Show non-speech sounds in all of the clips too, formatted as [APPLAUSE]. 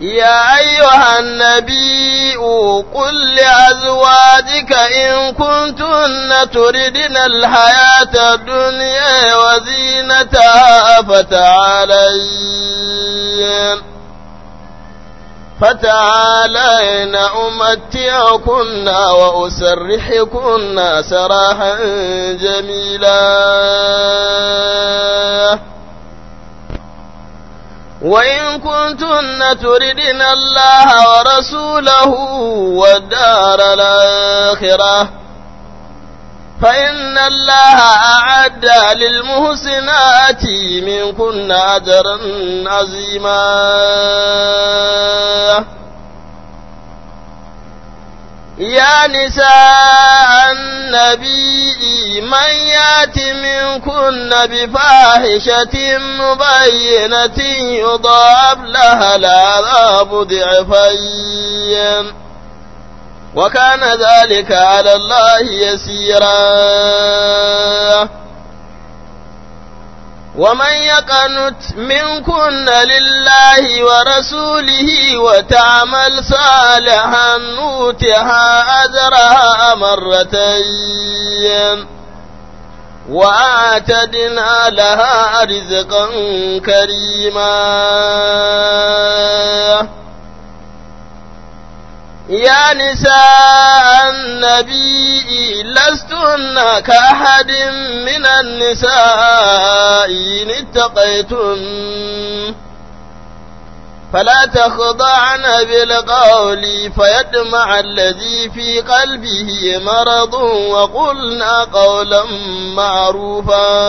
يا أيها النبي قل لأزواجك إن كنتن تردن الحياة الدنيا وزينتها فتعالين فتعالين أمتعكن وأسرحكن سراحا جميلا وإن كنتن تردن الله ورسوله والدار الآخرة فإن الله أعد للمحسنات منكن أجرا عظيما يا نساء النبي من يات منكن بفاحشة مبينة يضاب لها العذاب ضعفين وكان ذلك على الله يسيرا ومن يقنت منكن لله ورسوله وتعمل صالحا نوتها أجرها مرتين وأعتدنا لها رزقا كريما يا نساء النبي لستن كأحد من النساء إن اتقيتن فلا تخضعن بالقول فيدمع الذي في قلبه مرض وقلنا قولا معروفا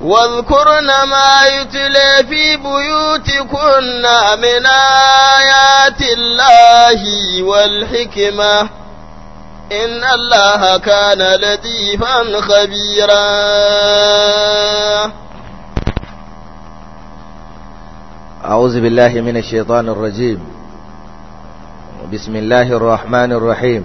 واذكرن ما يتلى في بيوتكن من آيات الله والحكمة إن الله كان لطيفا خبيرا أعوذ بالله من الشيطان الرجيم بسم الله الرحمن الرحيم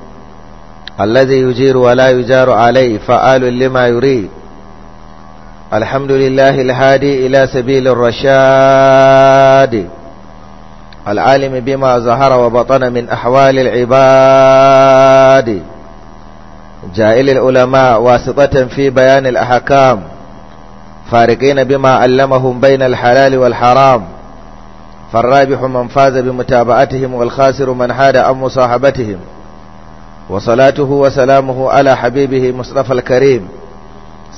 الذي يجير ولا يجار عليه فآل لما يريد الحمد لله الهادي إلى سبيل الرشاد العالم بما ظهر وبطن من أحوال العباد جائل العلماء واسطة في بيان الأحكام فارقين بما علمهم بين الحلال والحرام فالرابح من فاز بمتابعتهم والخاسر من حاد عن مصاحبتهم وصلاته وسلامه على حبيبه مصطفى الكريم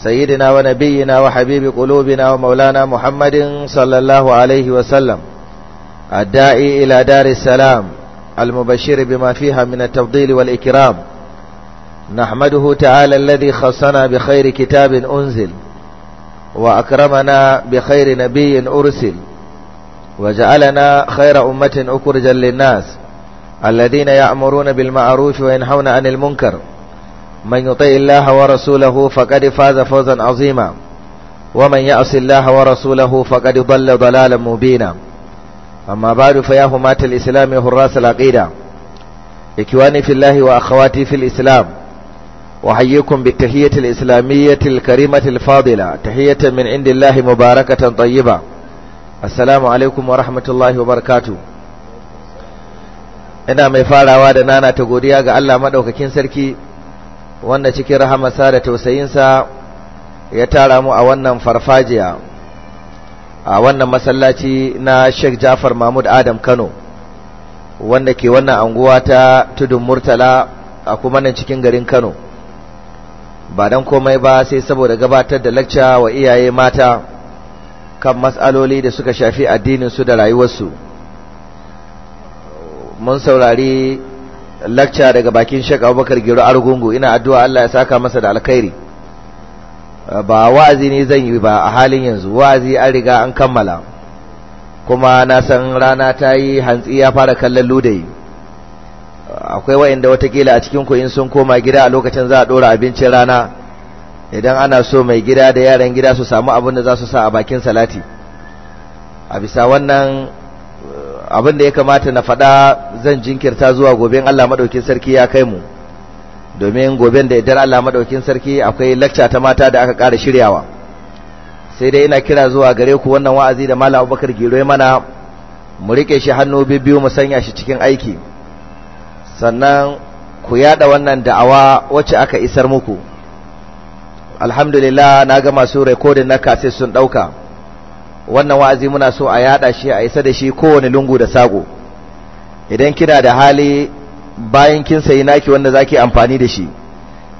سيدنا ونبينا وحبيب قلوبنا ومولانا محمد صلى الله عليه وسلم الداعي إلى دار السلام المبشر بما فيها من التفضيل والإكرام نحمده تعالى الذي خصنا بخير كتاب أنزل وأكرمنا بخير نبي أرسل وجعلنا خير أمة أكرجا للناس الذين يأمرون بالمعروف وينهون عن المنكر من يطيع الله ورسوله فقد فاز فوزا عظيما ومن يعص الله ورسوله فقد ضل ضلالا مبينا أما بعد فيا هماة الإسلام هراس العقيدة إخواني في الله وأخواتي في الإسلام أحييكم بالتحية الإسلامية الكريمة الفاضلة تحية من عند الله مباركة طيبة السلام عليكم ورحمة الله وبركاته ina mai farawa da nana ta godiya ga Allah madaukakin sarki wanda cikin rahamarsa da tausayinsa ya tara mu a wannan farfajiya a wannan masallaci na Sheikh Jafar Mahmud Adam Kano wanda ke wannan anguwa ta Tudun Murtala a kuma nan cikin garin Kano ba dan komai ba sai saboda gabatar da lecture wa iyaye mata kan matsaloli da suka shafi addinin su da rayuwarsu mun saurari lacca daga bakin shek Abubakar Gero Argungu ina addu'a Allah ya saka masa da alkhairi uh, ba wa'azi ne zan yi ba a halin yanzu wa'azi an riga an kammala kuma na san rana ta yi hantsi ya fara kallon ludayi uh, akwai wa'inda watakila a cikin ku sun koma gida a lokacin za a ɗora abincin rana idan ana so mai gida da yaran gida su samu abin da za su sa a bakin salati a bisa wannan abin da ya kamata na faɗa zan jinkirta zuwa goben Allah madaukin sarki ya kai mu domin goben da idan Allah madaukin sarki akwai lecture ta mata da aka ƙara shiryawa sai dai ina kira zuwa gare ku wannan wa'azi da Malam Abubakar Giro ya mana mu rike shi hannu bibbiyu mu sanya shi cikin aiki sannan ku yada wannan da'awa wacce aka isar muku alhamdulillah na ga masu recording na kaset sun ɗauka. wannan wa'azi muna so a yada shi a isa da shi kowane lungu da sago idan kina da hali bayan kin sayi naki wanda zaki amfani da shi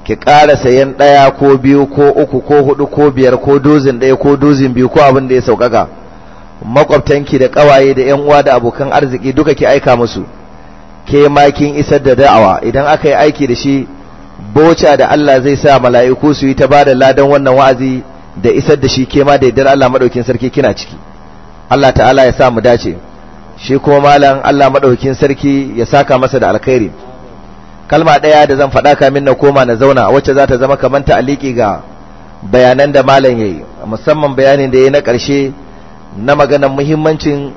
ki ƙara sayan ɗaya ko biyu ko uku ko hudu ko biyar ko dozin ɗaya ko dozin biyu ko abin da ya sauƙaƙa makwabtanki da ƙawaye da 'yan uwa da abokan arziki duka ki aika musu ke ma kin isar da da'awa idan aka yi aiki da shi boca da Allah zai sa mala'iku su yi ta bada ladan wannan wa'azi da isar da shi ke ma da yardar Allah maɗaukin sarki kina ciki Allah ta'ala ya sa mu dace shi kuma malam Allah maɗaukin sarki ya saka masa da alkhairi kalma ɗaya da zan faɗa kamin na koma na zauna wacce za ta zama kamar aliki ga bayanan da malam yi musamman bayanin da ya yi na ƙarshe na maganar muhimmancin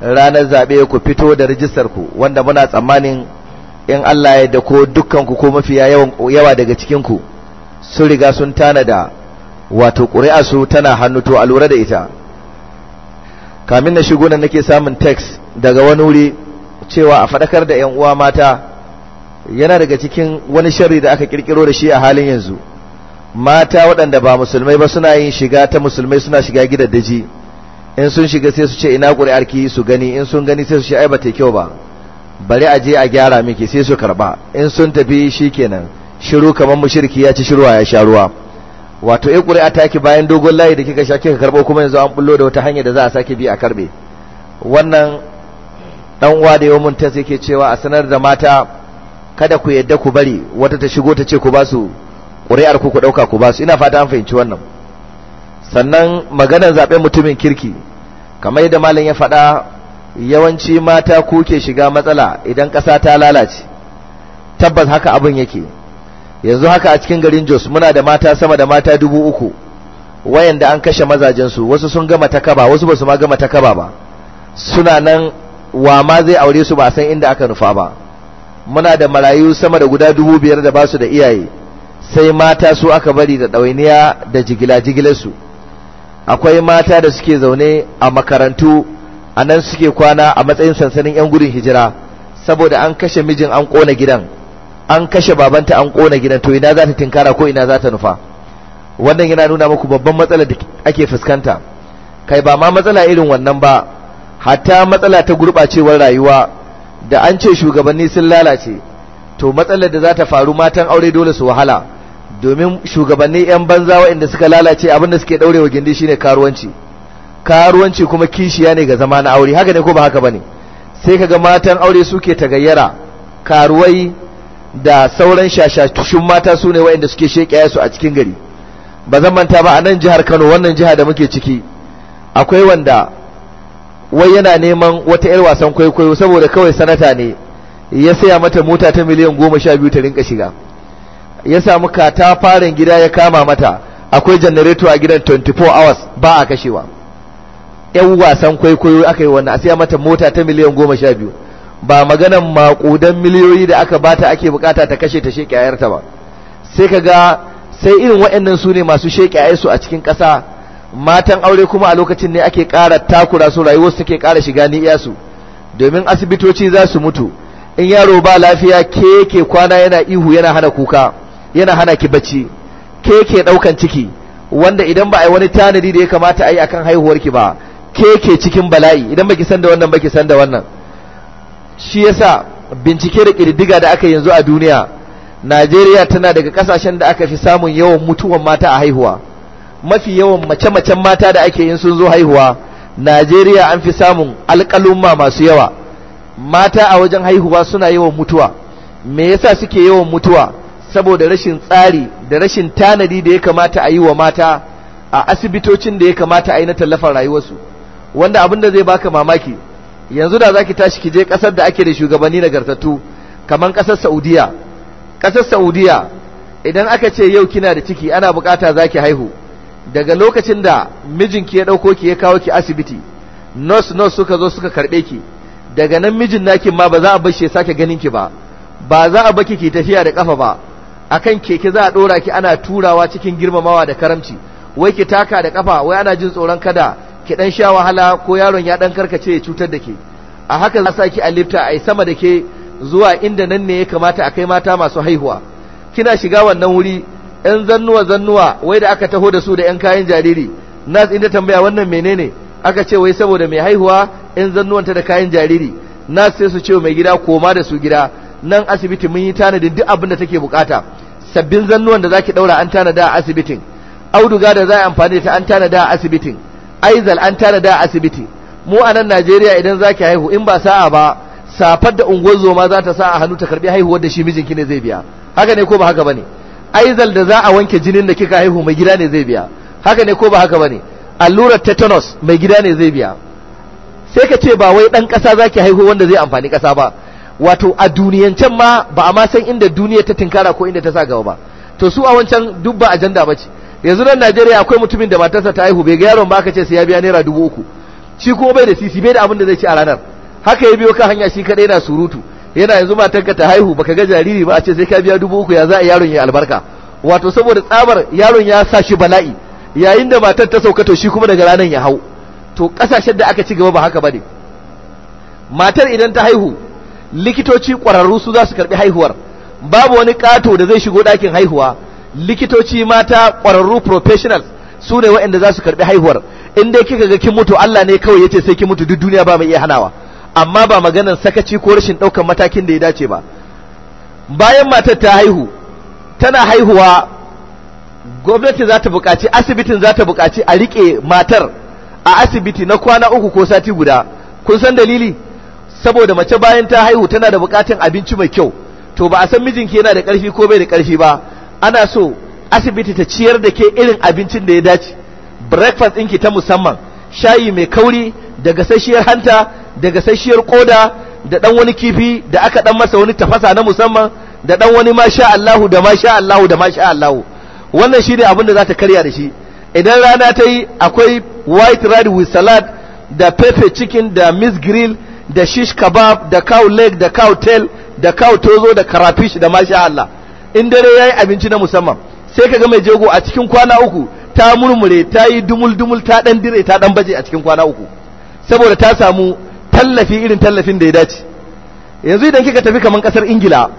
ranar zabe ku fito da rijistar ku wanda muna tsammanin in Allah ya ko dukkan ku ko mafiya yawa daga cikin ku sun riga sun tanada wato ƙuri'a su tana hannu to a lura da ita kamin na shigo nan nake samun text daga wani wuri cewa a faɗakar da 'yan uwa mata yana daga cikin wani sharri da aka kirkiro da shi a halin yanzu mata waɗanda ba musulmai ba suna yin shiga ta musulmai suna shiga daji in sun shiga sai su ce ina ki su gani in sun gani sai su ce ai ba ta kyau ba bari a je a gyara miki sai su karba in sun tafi shikenan shiru kamar mushriki ya ci shiruwa ya sha ruwa wato eh ƙuri'a taki bayan dogon layi da kika sha kika karɓo kuma yanzu an bullo da wata hanya da za a sake bi a karɓe wannan dan uwa da yawon tas yake cewa a sanar da mata kada ku yadda ku bari wata ta shigo ta ce ku basu su ƙuri'ar ku ku ɗauka ku basu ina fata an fahimci wannan sannan maganar zaɓen mutumin kirki kamar yadda malam ya faɗa yawanci mata ku ke shiga matsala idan ƙasa ta lalace tabbas haka abin yake yanzu haka a cikin garin Jos muna da mata sama da mata dubu uku wayanda an kashe mazajensu wasu sun gama takaba wasu ba su ma gama takaba ba suna nan wa ma zai aure su ba san inda aka nufa ba muna da marayu sama da guda dubu biyar da basu da iyaye sai mata su aka bari da ɗawainiya da jigila-jigilarsu akwai mata da suke zaune a makarantu a nan suke kwana a matsayin sansanin 'yan gudun hijira saboda an kashe mijin an ƙona gidan an kashe babanta an kona gidan to ina za ta tinkara ko ina za ta nufa wannan yana nuna muku babban matsala da ake fuskanta kai ba ma matsala irin wannan ba hatta matsala ta gurɓacewar rayuwa da an ce shugabanni sun lalace to matsalar da za ta faru matan aure dole su wahala domin shugabanni 'yan banza waɗanda suka lalace abin da suke ɗaurewa gindi shine karuwanci karuwanci kuma kishiya ne ga zama na aure haka ne ko ba haka bane sai kaga matan aure suke tagayyara karuwai da sauran shashashun mata su ne waɗanda suke sheƙaya su a cikin gari ba zan manta ba a nan jihar kano wannan jiha da muke ciki akwai wanda wai yana neman wata 'yar wasan kwaikwayo saboda kawai sanata ne ya saya mata mota ta miliyan goma sha biyu ta rinka shiga ya samu katafaren gida ya kama mata akwai janareto a gidan 24 hours ba a kashewa 'yan wasan kwaikwayo aka yi wannan a saya mata mota ta miliyan goma sha biyu ba maganan maƙudan miliyoyi da aka bata ake bukata ta kashe ta sheke ba sai ka ga sai irin waɗannan su ne masu sheke su a cikin ƙasa matan aure kuma a lokacin ne ake ƙara takura su su ke ƙara shiga ni iyasu domin asibitoci za su mutu in yaro ba lafiya ke ke kwana yana ihu yana hana kuka yana hana ki bacci ke ke ɗaukan ciki wanda idan ba a wani tanadi da ya kamata a yi akan haihuwarki ba ke ke cikin bala'i idan baki san da wannan baki san da wannan shi yasa bincike da ƙididdiga da aka yanzu a duniya najeriya tana daga kasashen da aka fi samun yawan mutuwan mata a haihuwa mafi yawan mace-macen mata da ake yin sun zo haihuwa najeriya an fi samun alƙalumma masu yawa mata a wajen haihuwa suna yawan mutuwa me yasa suke yawan mutuwa saboda rashin tsari da rashin tanadi da ya kamata a yi wa mata a asibitocin da ya kamata a yi na tallafin rayuwarsu wanda abin da zai baka mamaki yanzu da zaki tashi kije je kasar da ake da shugabanni nagartattu kaman kasar Saudiya kasar Saudiya idan aka ce yau kina da ciki ana bukata zaki haihu daga lokacin da mijinki ya dauko ki ya kawo ki asibiti nurse nurse suka zo suka karbe ki daga nan mijin nakin ma ba za a bar shi ya sake ganin ki ba ba za a baki ki tafiya da kafa ba akan keke za a dora ki ana turawa cikin girmamawa da karamci wai ki taka da kafa wai ana jin tsoron kada ki dan sha wahala ko yaron ya dan karkace ya cutar da ke a haka za sa a lifta ai sama da ke zuwa inda nan ne ya kamata a kai mata masu haihuwa kina shiga wannan wuri yan zannuwa zannuwa wai da aka taho da su da yan kayan jariri nas inda tambaya wannan menene aka ce wai saboda mai haihuwa yan zannuwanta da kayan jariri nas sai su ce mai gida koma da su gida nan asibiti mun yi tanadin duk abin da take bukata sabbin zannuwan da za ki daura an tanada a asibitin auduga da za a amfani da ta an tanada a asibitin aizal an tana da asibiti mu a nan Najeriya idan za ki haihu in ba sa'a ba safar da unguwar zoma za ta sa a hannu ta karbi haihuwar da shi mijinki ne zai biya haka ne ko ba haka bane aizal da za a wanke jinin da kika haihu mai gida ne zai biya haka ne ko ba haka bane allurar tetanus mai gida ne zai biya sai ka ce ba wai dan kasa za ki haihu wanda zai amfani kasa ba wato a duniyancen ma ba a ma san inda duniya ta tinkara ko inda ta sa gaba ba to su a wancan duk ba ajanda ce. yanzu nan Najeriya akwai mutumin da matarsa ta haihu bai ga yaron ba aka ce sai ya biya naira dubu uku shi kuma bai da sisi bai da abin da zai ci a ranar haka ya biyo ka hanya shi kadai na surutu yana yanzu matarka ta haihu baka ga jariri ba a ce sai ka biya dubu uku ya za a yaron ya albarka wato saboda tsabar yaron ya sa shi bala'i yayin da matar ta sauka to shi kuma daga ranar ya hau to kasashen da aka ci gaba ba haka ne. matar idan ta haihu likitoci kwararru su za su karbi haihuwar babu wani kato da zai shigo dakin haihuwa likitoci mata ƙwararru professionals su ne waɗanda za su karɓi haihuwar in dai kika ga kin mutu Allah ne kawai ya ce sai kin mutu duk duniya ba mai iya hanawa amma ba maganar sakaci ko rashin ɗaukar matakin da ya dace ba bayan matar ta haihu tana haihuwa gwamnati za ta buƙaci asibitin za ta buƙaci a riƙe matar a asibiti na kwana uku ko sati guda kun san dalili saboda mace bayan ta haihu tana da buƙatar abinci mai kyau to ba a san mijinki yana da ƙarfi ko bai da ƙarfi ba ana so asibiti ta ciyar da ke irin abincin da ya dace breakfast ɗinki ta musamman shayi mai kauri da gasasshiyar hanta da gasasshiyar koda da ɗan wani kifi da aka ɗan masa wani tafasa na musamman da ɗan wani masha Allahu da masha Allahu da masha Allahu wannan shi ne abin da za ta karya da shi idan rana ta yi akwai white rice with salad da pepper chicken da miss grill da shish kebab da cow leg da cow tail da cow tozo da karafish da masha Allah in dare ya yi abinci na musamman sai ka ga mai jego a cikin kwana uku ta murmure ta yi dumul dumul ta ɗan dire ta ɗan baje a cikin kwana uku saboda ta samu tallafi irin tallafin da ya dace yanzu idan kika tafi kamar ƙasar ingila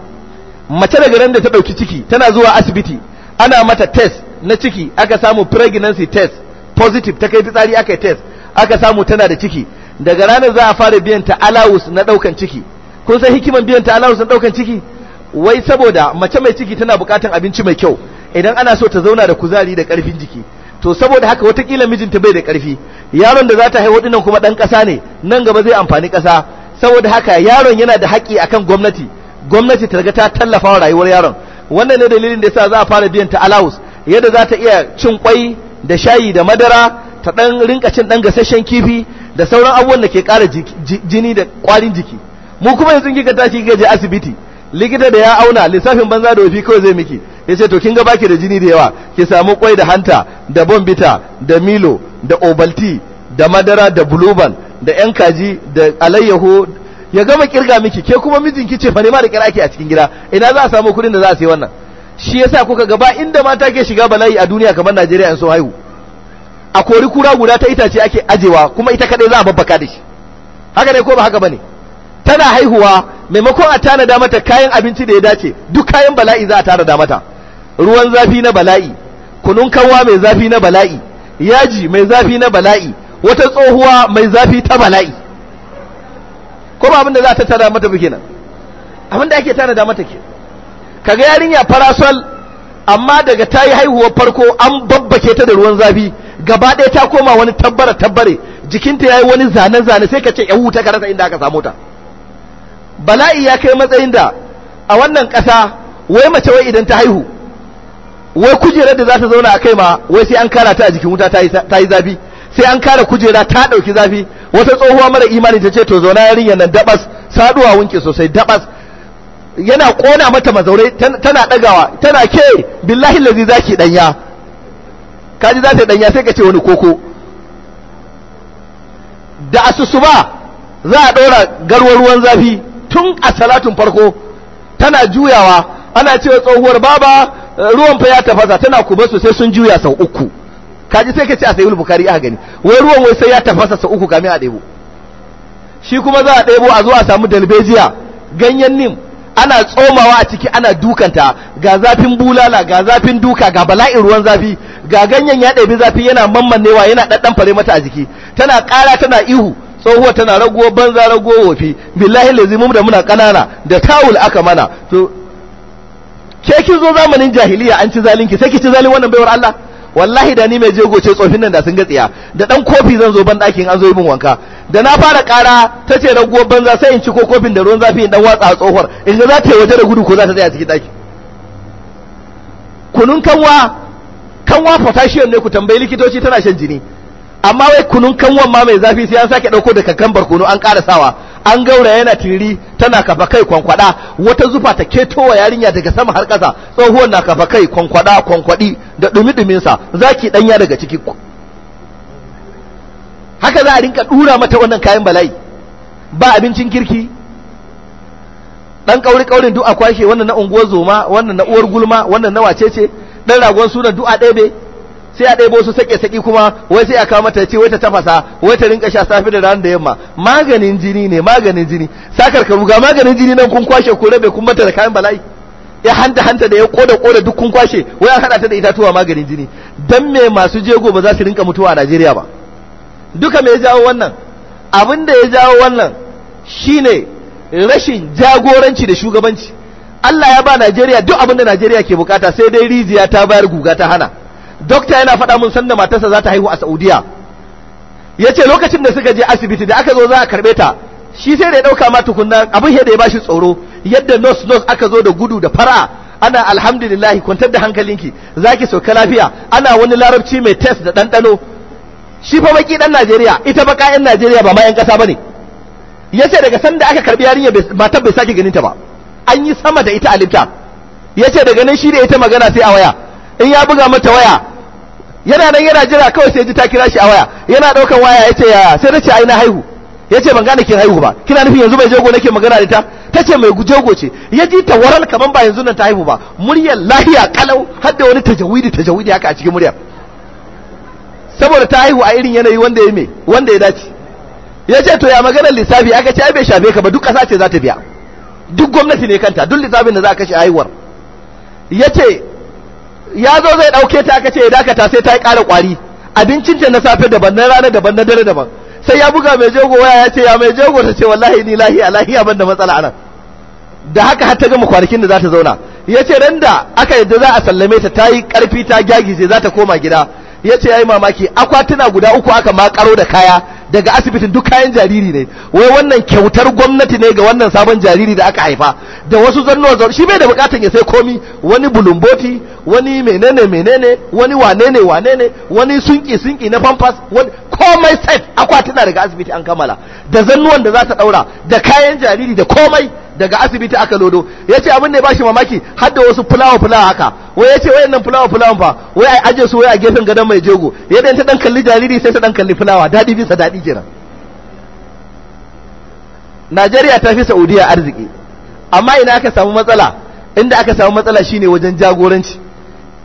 mace daga ran da ta ɗauki ciki tana zuwa asibiti ana mata test na ciki aka samu pregnancy test positive ta kai fitsari aka yi test aka samu tana da ciki daga ranar za a fara biyan ta allowance na ɗaukan ciki kun san hikiman biyan ta allowance na ɗaukan ciki wai saboda mace mai ciki tana bukatan abinci mai kyau idan ana so ta zauna da kuzari da karfin jiki to saboda haka watakila mijinta bai da karfi yaron da za ta haihu dinnan kuma dan kasa ne nan gaba zai amfani kasa saboda haka yaron yana da haƙi akan gwamnati gwamnati ta riga ta tallafa wa rayuwar yaron wannan ne dalilin da yasa za a fara biyan ta allowance yadda za ta iya cin kwai da shayi da madara ta dan rinka cin dan gasasshen kifi da sauran abubuwan da ke ƙara jini da ƙwarin jiki mu kuma yanzu kika tashi kika je asibiti likita da ya auna lissafin banza da wafi kawai zai miki ya ce to kin ga baki da jini da yawa ki samu kwai da hanta da bombita da milo da obalti da madara da buluban da yan kaji da alayyaho ya gama kirga miki ke kuma mijinki ce fa ma da kira ake a cikin gida ina za a samu kuɗin da za a sayi wannan shi yasa kuka gaba inda mata ke shiga bala'i a duniya kamar Najeriya in so haihu a kori kura guda ta itace ake ajewa kuma ita kadai za a babbaka da shi haka ne ko ba haka bane tana haihuwa maimakon a tanada mata kayan abinci da ya dace duk kayan bala'i za a tanada mata ruwan zafi na bala'i kunun kanwa mai zafi na bala'i yaji mai zafi na bala'i wata tsohuwa mai zafi ta bala'i ko ba abinda za a tattara mata ba kenan abinda ake tanada mata ke kaga yarinya parasol amma daga ta yi haihuwar farko an babbake ta da ruwan zafi gaba ɗaya ta koma wani tabbare tabbare jikinta ya yi wani zane-zane sai ka ce ya wuta ka rasa inda aka samu ta bala'i ya kai matsayin da a wannan ƙasa wai mace wai idan ta haihu wai kujerar da za ta zauna a kai ma wai sai an kara ta a jikin wuta ta yi zafi sai an kara kujera ta ɗauki zafi wata tsohuwa mara imani ta ce to zauna yarinyar nan dabas saduwa wunke sosai dabas yana kona mata mazaurai tana ɗagawa tana ke billahi lazi za ki ɗanya Ka ji za ta ɗanya sai ka ce wani koko da asusu ba za a ɗora garwar ruwan zafi tun a salatun farko tana juyawa ana cewa tsohuwar baba eh, ruwan fa ya tafasa tana kuma sosai sun juya sau uku kaji sai ka ce a sayi bukari a gani wai ruwan wai sai ya tafasa sau uku kamin a ɗebo shi kuma za a ɗebo a zo a samu dalbejiya ganyen nim ana tsomawa a ciki ana dukanta ga zafin bulala ga zafin duka ga bala'in ruwan zafi ga ganyen ya ɗabi zafi yana mammannewa yana ɗaɗɗan fare mata a jiki tana ƙara tana ihu tsohuwa tana ragowa banza ragowa wofi billahi lazimum da muna kanana da tawul aka mana to ke kin zo zamanin jahiliya an ci zalinki sai ki ci zalin wannan baiwar Allah wallahi da ni mai jego ce tsofin nan da sun ga tsiya da dan kofi zan zo ban dakin an zo yi min wanka da na fara kara ta ce ragowa banza sai in ci ko kofin da ruwan zafi in dan watsa tsohuwar in ga za ta yi waje da gudu ko za ta tsaya cikin daki kunun kanwa kanwa potassium ne ku tambayi likitoci tana shan jini amma wai kunun kanwan ma mai zafi sai an sake ɗauko da kankan barkono an ƙara sawa an gaura yana tiri tana kafa kai kwankwada wata zufa ta ketowa yarinya daga sama har ƙasa tsohuwar na kafa kai kwankwada kwankwadi da dumi ɗuminsa sa zaki danya daga ciki haka za a rinka dura mata wannan kayan bala'i ba abincin kirki dan kauri kaurin du'a kwashe wannan na unguwar zoma wannan na uwar gulma wannan na wacece ɗan ragon suna du'a ɗebe sai a ɗebo su sake saki kuma wai sai a kama ta ce wai ta tafasa wai ta rinka sha safi da ran da yamma maganin jini ne maganin jini sakar ka ga maganin jini nan kun kwashe ko rabe kun mata da kayan bala'i ya hanta hanta da ya koda koda duk kun kwashe wai an hada ta da itatuwa maganin jini dan me masu jego ba za su rinka mutuwa a Najeriya ba duka me ya jawo wannan abin da ya jawo wannan shine rashin jagoranci da shugabanci Allah ya ba Najeriya duk abin da Najeriya ke bukata sai dai rijiya ta bayar guga ta hana dokta yana faɗa mun sanda matarsa za ta haihu a saudiya ya ce lokacin da suka je asibiti da aka zo za a karɓe ta shi sai da ya ɗauka ma tukunna abin yadda ya bashi tsoro yadda nos nos aka zo da gudu da fara ana alhamdulillahi kwantar da hankalinki za ki sauka lafiya ana wani larabci mai test da ɗanɗano shi fa baki ɗan najeriya ita baka najeriya ba ma 'yan ƙasa ba ne ya ce daga sanda aka karɓi yarinya matar bai sake ganin ta ba an yi sama da ita a ya ce daga nan shi da ita magana sai a waya in ya buga mata waya yana nan yana jira kawai sai ji ta kira shi a waya yana daukan waya yace ya sai nace ai na haihu yace ban gane kin haihu ba kina nufin yanzu bai jego nake magana da ta tace mai jego ce ya ji ta waral kaman ba yanzu nan ta haihu ba muryar lahiya kalau har da wani tajawidi tajawidi haka a cikin muryar saboda ta haihu a irin yanayi wanda ya me wanda ya dace yace to ya maganar lissafi aka ce ai bai shafe ka ba duk kasa ce za ta biya duk gwamnati ne kanta duk lissafin da za a kashe haihuwar yace ya zo zai ɗauke ta aka ce ya dakata sai ta yi ƙara ƙwari abincinta na safe daban na rana daban na dare daban sai ya buga mai jego waya ya ce ya mai jego ta ce wallahi ni lahi, a lahi abin da matsala anan da haka har ta gama kwanakin da za ta zauna ya ce ran da aka yadda za a sallame ta ta yi ƙarfi ta sai za ta koma gida ya ce ya yi mamaki akwatuna guda uku aka makaro da kaya daga asibitin duk kayan jariri ne wai wannan kyautar gwamnati ne ga wannan sabon jariri da aka haifa da wasu zannuwa zaune shi bai da bukatan ya sai komi wani bulumboti wani menene menene wani wanene wanene wani sunki sunki na pampas wani komai set akwatuna daga asibiti an kammala da zannuwan da za ta daura da kayan jariri da komai daga asibiti aka lodo ya ce abin da ya bashi mamaki har wasu fulawa fulawa haka wai ya ce nan fulawa fulawan fa wai a ajiye su wai a gefen gadon mai jego ya dan ta dan kalli jariri sai ta dan kalli fulawa daɗi bisa daɗi kenan Najeriya ta fi Saudiya arziki amma ina aka samu matsala inda aka samu matsala shine wajen jagoranci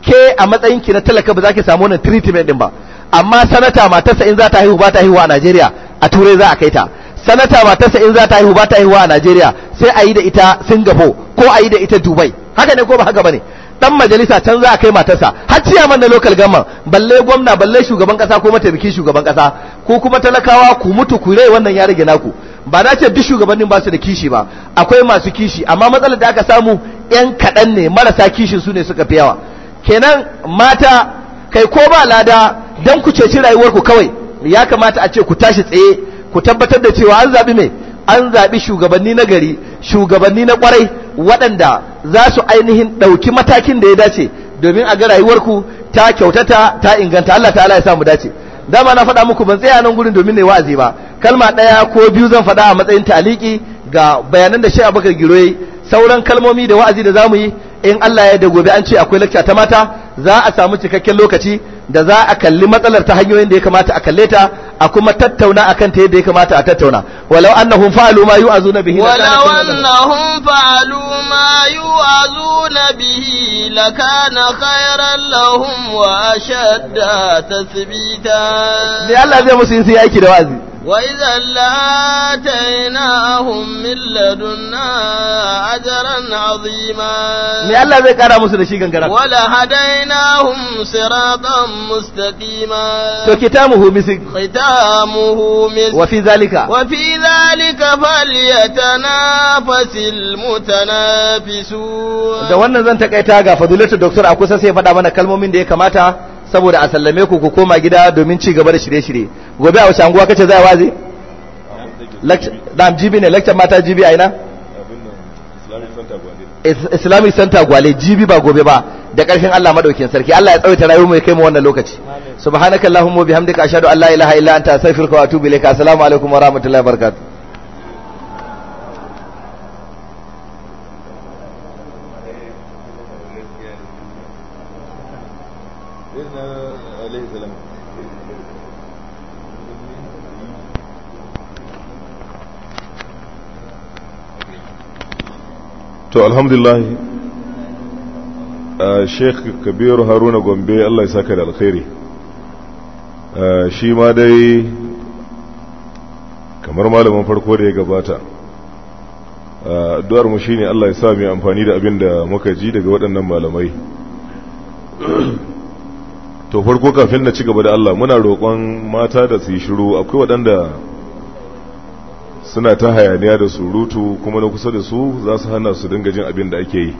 ke a matsayin ki na talaka ba za ki samu wannan treatment din ba amma sanata matarsa in za ta haihu ba ta haihu a Najeriya a turai za a kai ta sanata matarsa in za ta haihu ba ta haihuwa a Najeriya sai a yi da ita Singapore ko a yi da ita Dubai haka ne ko ba haka bane dan majalisa can za a kai matarsa har ciyaman na local government balle gwamna balle shugaban kasa ko mataimakin shugaban kasa ko kuma talakawa ku mutu ku rai wannan ya rage naku ba na ce duk shugabannin ba su da kishi ba akwai masu kishi amma matsalar da aka samu yan kaɗan ne marasa kishin su ne suka fi yawa kenan mata kai ko ba lada dan ku ceci ku kawai ya kamata a ce ku tashi tsaye ku tabbatar da cewa an zaɓi mai an zaɓi shugabanni na gari shugabanni na kwarai waɗanda za su ainihin ɗauki matakin da ya dace domin a ga rayuwarku ta kyautata ta inganta Allah ta'ala ya samu dace dama na faɗa muku ban tsaya nan gurin domin ne wa'azi ba kalma ɗaya ko biyu zan faɗa a matsayin taliki ga bayanan da Sheikh Abubakar Giro giroye sauran kalmomi da wa'azi da zamu yi in Allah ya da gobe an ce akwai lecture ta mata za a samu cikakken lokaci da za a kalli matsalar ta hanyoyin da ya kamata a kalle ta a kuma tattauna akan ta yadda ya kamata a tattauna walau annahum fa'alu ma yu'azuna bihi walau annahum fa'alu ma yu'azuna bihi lakana khayran wa ashadda me Allah zai musu yin sai aiki da wazi وإذا لآتيناهم من لدنا أجرا عظيما هديناهم صراطا مستقيما ختامه مسك ختامه مسك وفي ذلك وفي ذلك فليتنافس المتنافسون da wannan zan takaita ga fadilatu doktor a kusa sai faɗa mana kalmomin da ya kamata saboda a sallame ku ku koma gida domin ci gaba da shirye-shirye gobe a wace anguwa kace za a wazi dam jibi ne lecture mata jibi a ina islamic center gwale jibi ba gobe ba da ƙarfin Allah madaukin sarki Allah ya tsawaita rayuwar mai kai mu wannan lokaci subhanakallahumma bihamdika ashhadu an la ilaha illa anta astaghfiruka wa atubu ilaika assalamu alaikum wa rahmatullahi wa barakatuh to alhamdulillah uh, sheikh kabiru haruna gombe allah ya saka da alkhairi uh, shi ma dai kamar malamin farko da ya gabata uh, addu'ar mu shine allah ya sa mu amfani da abin da muka ji daga waɗannan malamai to farko kafin na ci gaba da allah muna roƙon mata da su yi shiru akwai waɗanda suna ta hayaniya da surutu kuma na kusa da su za su hana su dinga jin abin da ake yi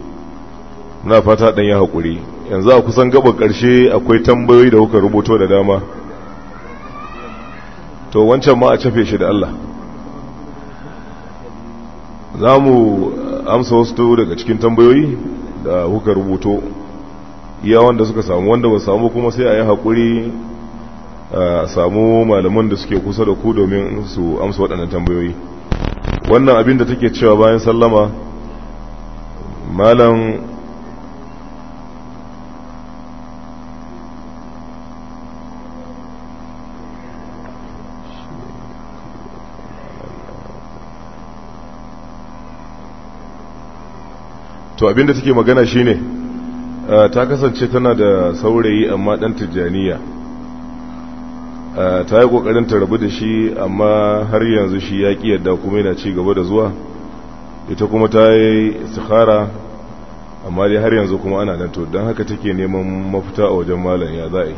na fata dan ya haƙuri yanzu a kusan gaba karshe akwai tambayoyi da kuka rubuto da dama to wancan ma a cafe shi da Allah za mu amsa wasu daga cikin tambayoyi da kuka rubuto iya wanda suka samu wanda ba samu kuma sai a yi hakuri. a samu malaman da suke kusa da ku domin su amsa waɗannan tambayoyi wannan abin da take cewa bayan sallama malam to abin da take magana shine ta kasance tana da saurayi amma ɗan tijjaniya Eh, ta yi kokarin ta rabu da shi amma har yanzu shi ya ƙi yadda kuma yana ci gaba da zuwa ita kuma ta yi sikhara amma dai har yanzu kuma ana nan to don haka take neman mafita a wajen malam ya za a yi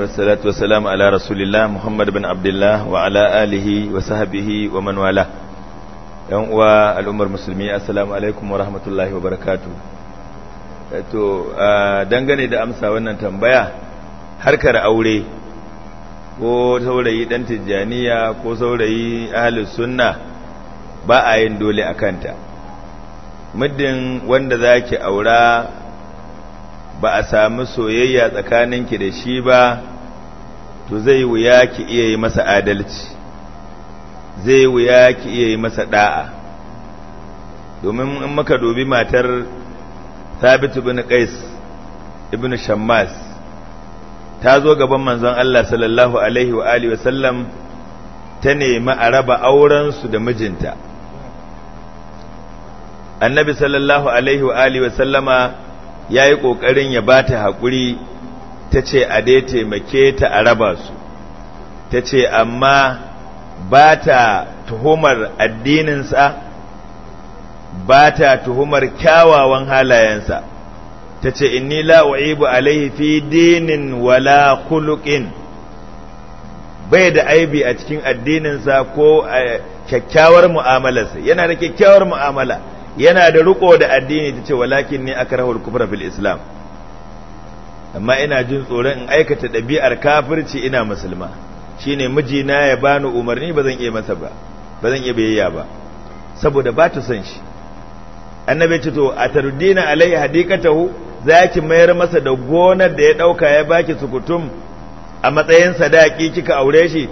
wasalatu wasalamu ala rasulillah muhammad bin abdullah wa ala alihi wa sahabihi wa man wala yan uwa al'ummar musulmi assalamu alaikum wa rahmatullahi wa barakatuh to dangane da amsa wannan tambaya harkar aure ko saurayi dan tijjaniya ko saurayi ahlus sunna ba a yin dole a kanta muddin wanda zaki aura ba a sami soyayya tsakaninki da shi ba to zai wuya ki iya yi masa adalci zai wuya ki iya yi masa da'a domin in muka dobi matar Sabitu bin Kais ibn shammas ta zo gaban manzon Allah sallallahu alaihi wa alihi ta nemi a raba auren su da mijinta annabi sallallahu alaihi wa alihi wasallama yayi kokarin ya bata hakuri tace a dai taimake ta a raba su tace amma bata tuhumar addininsa ba ta tuhumar kyawawan halayensa ta ce inni la'u'ibu alaihi fi dinin wala kulukin bai da aibi a cikin addininsa ko a kyakkyawar mu'amalarsa yana da kyakkyawar mu'amala yana da riko da addini ta ce walakin ne aka rahul kufra fil islam amma ina jin tsoron in aikata ɗabi'ar kafirci ina musulma shine mijina ya bani umarni ba zan iya masa ba ba zan iya biyayya ba saboda ba ta son shi annabi ce to a tardina alai hadikatahu za ki mayar masa da gonar da ya dauka ya baki sukutum a matsayin sadaki kika aure shi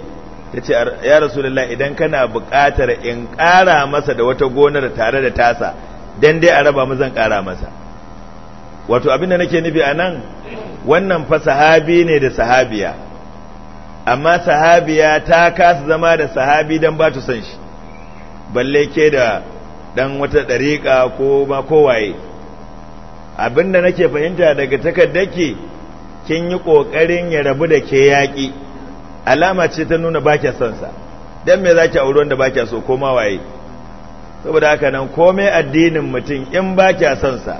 ta ce ya rasulullah idan kana bukatar in ƙara masa da wata gonar tare da tasa dan dai a raba mu zan ƙara masa wato abinda nake nufi anan wannan fa sahabi ne da sahabiya amma sahabiya ta kasa zama da sahabi dan ba ta son shi balle ke da dan wata dariƙa ko ma kowaye abinda nake fahimta daga takaddake kin yi ƙoƙarin ya rabu da ke yaƙi alama ce ta nuna ba kya son sa dan me zaki auri wanda ba kya so ko ma waye saboda haka nan komai addinin mutum in ba kya son sa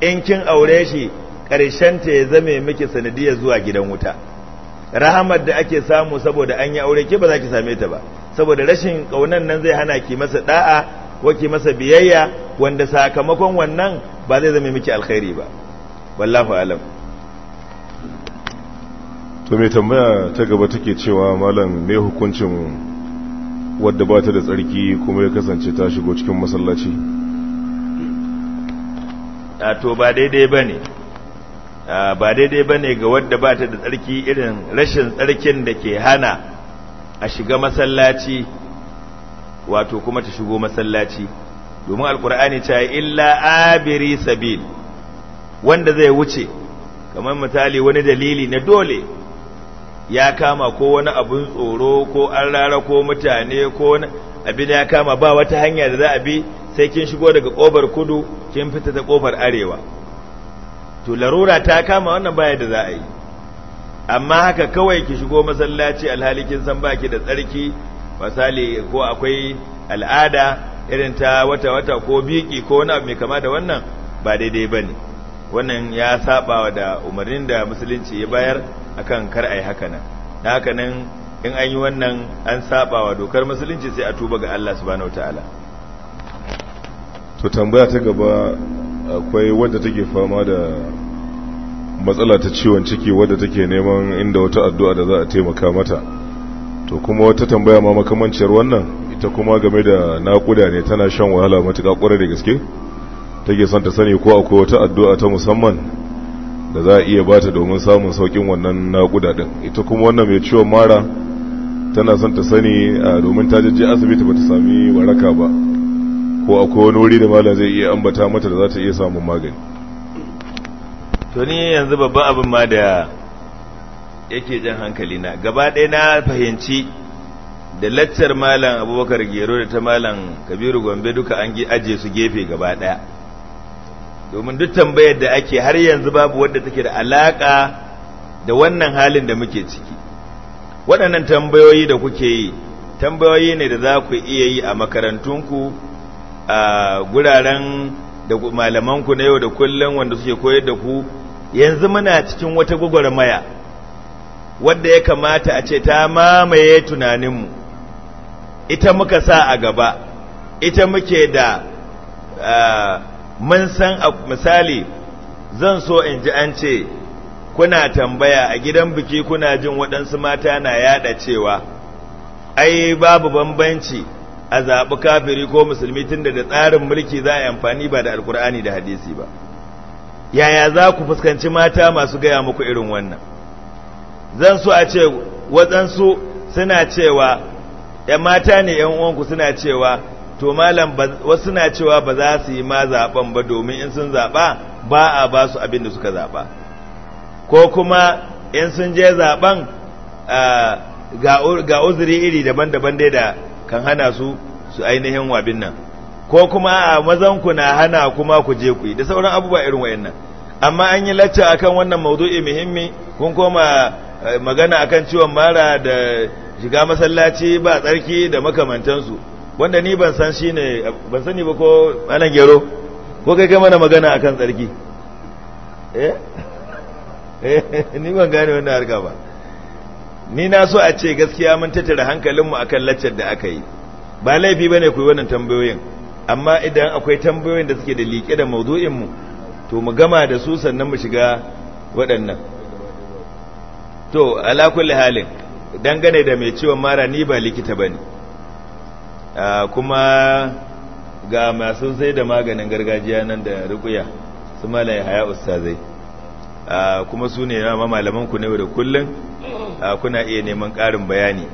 in kin aure shi ƙarshen ta ya zame miki sanadiyar zuwa gidan wuta rahamar da ake samu saboda an yi aure ki ba za ki same ta ba saboda rashin ƙaunan nan zai hana ki masa da'a wake masa biyayya wanda sakamakon wannan ba zai zama miki alkhairi ba wallahu alam to mai tambaya ta gaba take cewa malam me hukuncin wadda ba ta da tsarki kuma ya kasance ta shigo cikin masallaci a to ba daidai bane ba daidai ba ga wadda ba ta da tsarki irin rashin tsarkin da ke hana a shiga masallaci wato kuma ta shigo masallaci domin alkur'ani ta yi illa abiri sabil wanda zai wuce kamar misali wani dalili na dole ya kama ko wani abun tsoro ko an rara ko mutane ko abin ya kama ba wata hanya da za a bi sai kin shigo daga kofar kudu kin fita ta kofar arewa to larura ta kama wannan baya da za a yi amma haka kawai ki shigo masallaci alhali kin san baki da tsarki misali ko akwai al'ada irin ta wata-wata ko biki ko wani abu mai kama da wannan ba daidai ba ne wannan ya saba da umarnin da musulunci ya bayar akan kar a yi hakanan da hakanan in an yi wannan an saba wa dokar musulunci sai a tuba ga Allah subhanahu wataala to tambaya ta gaba akwai wadda take fama da matsala ta ciwon ciki wadda take neman inda wata addu'a da za a taimaka mata to kuma wata tambaya ma makamanciyar wannan ita kuma game da naƙuda ne tana shan wahala matuƙa ƙwarar da gaske ta ke son ta sani ko akwai wata addu'a ta musamman da za a iya bata domin samun sauƙin wannan naƙuda ɗin ita kuma wannan mai ciwon mara tana son ta sani domin ta jajje asibiti ba ta sami waraka ba ko akwai wani wuri da malam zai iya ambata mata da za ta iya samun magani to ni yanzu babban abin ma da yake jan hankali na gaba ɗaya na fahimci da laccar malam abubakar gero da ta malam kabiru gombe duka an aje su gefe gaba ɗaya domin duk tambayar da ake har yanzu babu wadda take da alaƙa da wannan halin da muke ciki waɗannan tambayoyi da kuke yi tambayoyi ne da za ku iya yi a makarantunku a guraren da malamanku na yau da kullum wanda suke koyar da ku yanzu muna cikin wata gwagwarmaya wadda ya kamata a ce ta mamaye tunaninmu ita muka sa a gaba ita muke da mun san misali zan so in ji an ce kuna tambaya a gidan biki kuna jin waɗansu mata na yada cewa ai babu bambanci a zaɓi kafiri ko musulmi tunda da tsarin mulki za a yi amfani ba da alkur'ani da hadisi ba yaya za ku fuskanci mata masu gaya muku irin wannan zan so a ce waɗansu suna cewa ‘yan mata ne ‘yan uwanku suna cewa to malam wasu suna cewa ba za su yi ma zaɓen ba domin in sun zaɓa ba a ba su abin da suka zaɓa ko kuma in sun je zaɓen ga uzuri iri daban-daban dai da kan hana su su ainihin wabin nan ko kuma a mazanku na hana kuma ku je ku yi da sauran abubuwa irin wayannan amma an yi lacca akan wannan maudu'i muhimmi kun koma Eh, magana akan ciwon mara da shiga masallaci ba tsarki da makamantansu wanda ni ban san shi ne ban sani ba ko anan gero ko kai kai mana magana akan tsarki eh? [LAUGHS] eh ni ban gane wannan harka ba ni na so a ce gaskiya mun tattara hankalinmu akan laccar da aka yi ba laifi bane ku yi wannan tambayoyin amma idan akwai tambayoyin da suke da liƙe da maudu'inmu to mu gama da su sannan mu shiga waɗannan to ala kulli halin dangane da mai ciwon mara ni ba likita bane ah, kuma ga masu sai da maganin gargajiya nan da rukuya su malai haya ustazai ah, kuma su ne ma malaman ku ne da kullun ah, kuna iya neman ƙarin bayani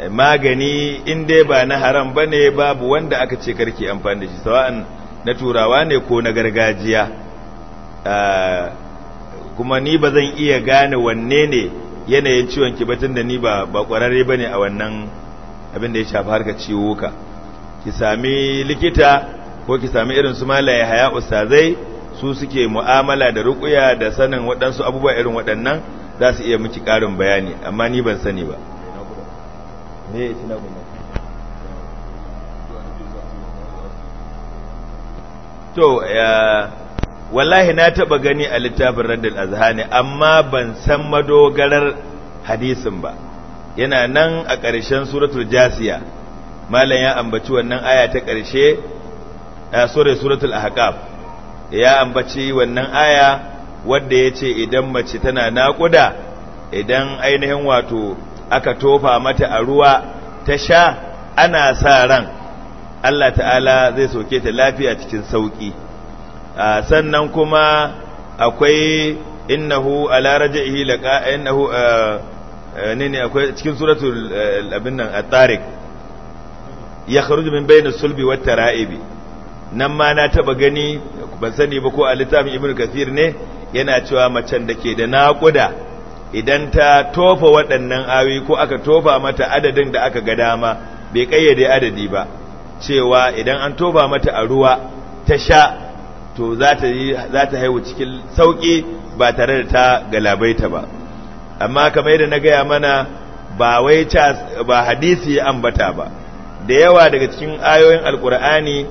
eh, magani in dai ba na haram bane babu wanda aka ce karki amfani da shi sawa'an na turawa ne ko na gargajiya kuma ni ba zan iya gane wanne ne yanayin ciwon ki tun da ni ba ba kwararre bane a wannan abin da ya shafi harka ciwuka ki sami likita ko ki sami irin su malaye haya ustazai su suke mu'amala da ruqya da sanin waɗansu abubuwa irin waɗannan za su iya miki ƙarin bayani amma ni ban sani ba to ya wallahi na taba gani a littafin raddul azhani amma ban san madogarar hadisin ba yana nan a ƙarshen suratul jasiya malam ya ambaci wannan aya ta ƙarshe a sura suratul ahqaf ya ambaci wannan aya wanda yace idan mace tana naƙuda idan ainihin wato aka tofa mata a ruwa ta sha ana sa ran Allah ta'ala zai soke ta lafiya cikin sauki sannan kuma akwai innahu ala rajihi laqa innahu ne ne akwai cikin suratul abin nan at-tariq kharuju min bayna sulbi wat tara'ibi nan ma na taba gani ban sani ba ko a littafin ibnu kathir ne yana cewa macen da ke da naƙuda idan ta tofa waɗannan awi ko aka tofa mata adadin da aka ga dama bai kayyade adadi ba cewa idan an tofa mata a ruwa ta sha to za ta haihu cikin sauƙi ba tare da ta galabaita ba amma kamar yadda na gaya mana ba wai ba hadisi ya ambata ba da yawa daga cikin ayoyin alkur'ani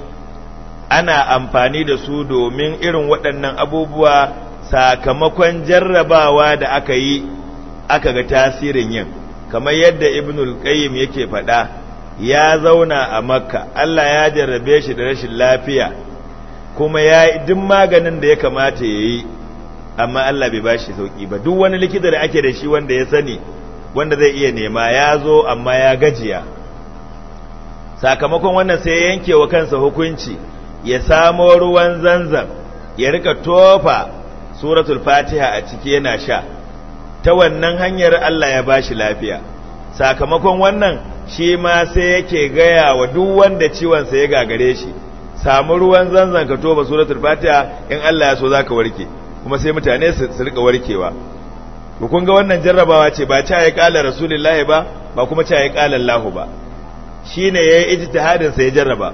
ana amfani da su domin irin waɗannan abubuwa sakamakon jarrabawa da aka yi aka ga tasirin yin kamar yadda ibnul qayyim yake faɗa ya zauna a makka Allah ya jarrabe shi da rashin lafiya kuma ya duk maganin da ya kamata ya yi amma Allah bai ba shi sauƙi ba duk wani likita da ake da shi wanda ya sani wanda zai iya nema ya zo amma ya gajiya sakamakon wannan sai ya yanke wa kansa hukunci ya samo ruwan zanzan ya rika tofa suratul fatiha a ciki yana sha ta wannan hanyar Allah ya ba shi lafiya sakamakon wannan shi ma sai yake gaya wa duk wanda ciwon ciwonsa ya gagare shi samu ruwan zanzan ka toba suratul fatiha in Allah ya so zaka warke kuma sai mutane su rika warkewa ku kun ga wannan jarrabawa ce ba cha ya kala rasulullahi ba ba kuma cha ya kala Allah ba shine yayi ijtihadin sa ya jarraba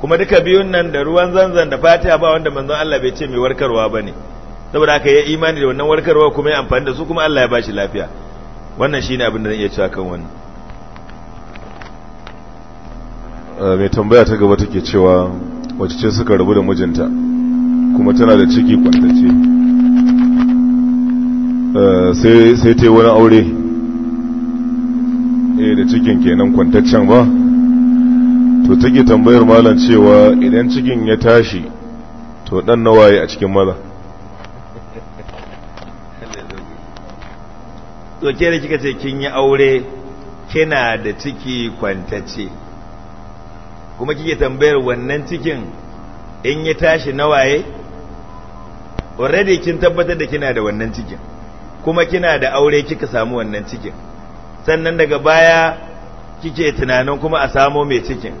kuma duka biyun nan da ruwan zanzan da fatiha ba wanda manzon Allah bai ce mai warkarwa bane saboda haka yayi imani da wannan warkarwa kuma ya amfani da su kuma Allah ya bashi lafiya wannan shine abin da zan iya cewa kan wannan Eh, mai tambaya ta gaba take cewa wacce ce suka rabu da mijinta kuma tana da ciki kwantace eh, sai ta yi wani aure eh da cikin kenan kwantaccen ba to take tambayar malam cewa idan cikin ya tashi to dan yi a cikin maza to ke da kika ce kin yi aure kina da ciki kwantace kuma kike tambayar wannan cikin in ya tashi na nawaye already kin tabbatar da kina da wannan cikin kuma kina da aure kika samu wannan cikin sannan daga baya kike tunanin kuma a samu mai cikin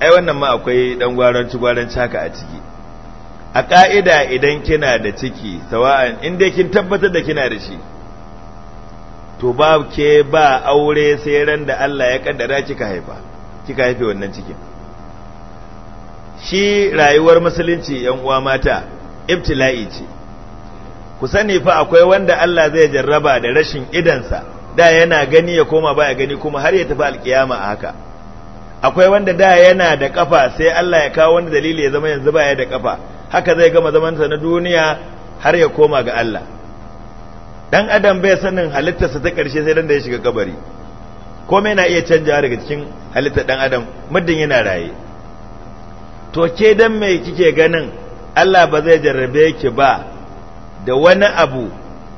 ai wannan ma akwai dan ci gwaron haka a ciki a ka'ida idan kina da ciki sawa'an in dai kin tabbatar da kina da shi to ba ke ba aure sai ran da Allah ya kaddara kika haifa kika haife wannan cikin shi rayuwar musulunci yan uwa mata ibtila'i ce ku sani fa akwai wanda Allah zai jarraba da rashin idansa da yana gani ya koma baya gani kuma har ya tafi alkiyama a haka akwai wanda da yana da kafa sai Allah ya kawo wani dalili ya zama yanzu baya da kafa haka zai gama zamansa na duniya har ya koma ga Allah dan adam bai sanin halittarsa ta karshe sai dan da ya shiga kabari komai na iya canjawa daga cikin halittar dan adam muddin yana raye to ke dan me kike ganin Allah ba zai jarrabe ki ba da wani abu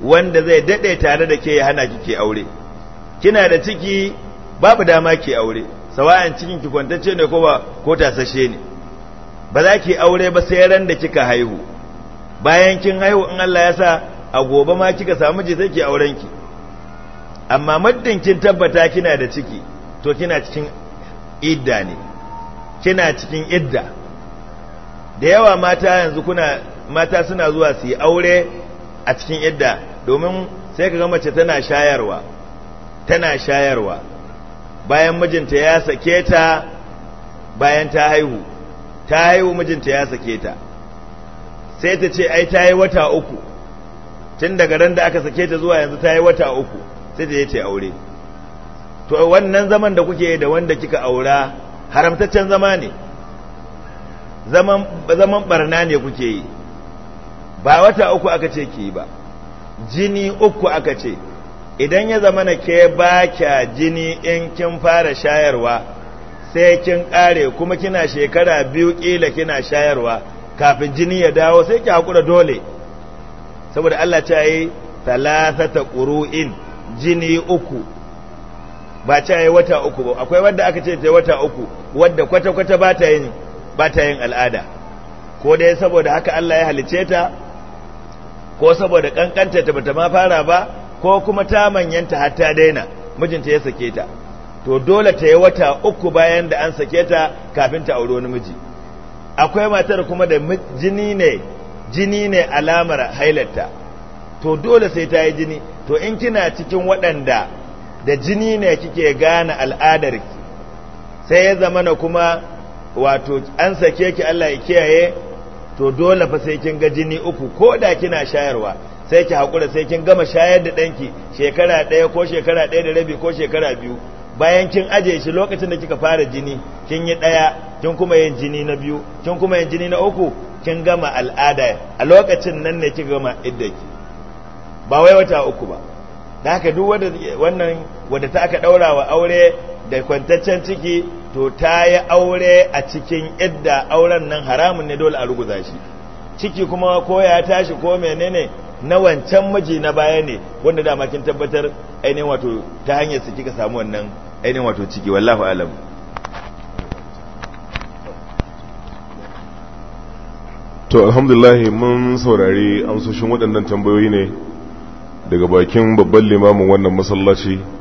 wanda zai dade tare da ke ya hana kike aure kina da ciki babu dama ki aure sawa'an cikin ki kwantacce ne ko ba ko tasashe ne ba za ki aure ba sai ran da kika haihu bayan kin haihu in Allah ya sa a gobe ma kika samu je sai ki auren ki amma muddin kin tabbata kina da ciki to kina cikin idda ne kina cikin idda da yawa mata yanzu kuna mata suna zuwa su yi aure a cikin idda domin sai ka ga mace tana shayarwa tana shayarwa bayan mijinta ya sake ta bayan ta haihu ta haihu mijinta ya sake ta sai ta ce ai ta yi wata uku tun daga ran da aka sake ta zuwa yanzu ta yi wata uku sai ta je aure to wannan zaman da kuke da wanda kika aura haramtaccen zama ne zaman barna ne kuke yi ba wata uku aka ce ki ba jini uku aka ce idan ya zama na ke ba kya jini in kin fara shayarwa sai kin kare kuma kina shekara biyu kila kina shayarwa kafin jini ya dawo sai ki hakura dole saboda Allah ta yi talatata ƙuru'in jini uku ba ta yi wata uku ba akwai wadda aka ce ta wata uku wadda kwata-kwata ba ta ne ba ta yin al'ada ko dai saboda haka Allah ya halice ta ko saboda kankanta ta bata ma fara ba ko kuma ta manyanta har ta daina mijinta ya sake ta to dole ta yi wata uku bayan da an sake ta kafin ta auri wani miji akwai matar kuma da jini ne jini ne alamar hailarta to dole sai ta yi jini to in kina cikin waɗanda da jini ne kike gane al'adarki sai ya zamana kuma wato an sake ki Allah ya kiyaye to dole fa sai kin ga jini uku ko da kina shayarwa sai ki hakura sai kin gama shayar da danki shekara ɗaya ko shekara ɗaya da rabi ko shekara biyu bayan kin aje shi lokacin da kika fara jini kin yi ɗaya kin kuma yin jini na biyu kin kuma yin jini na uku kin gama al'ada a lokacin nan ne kika gama iddaki ba wai wata uku ba da haka duk wannan wadda ta aka daura wa aure da kwantaccen ciki to ta yi aure a cikin idda auren nan haramun ne dole a ruguza shi ciki kuma ko ya tashi ko menene na wancan miji na baya ne wanda dama kin tabbatar ainihin wato ta hanyar su kika samu wannan ainihin wato ciki wallahu alam to alhamdulillah mun saurari amsoshin waɗannan tambayoyi ne daga bakin babban limamin wannan masallaci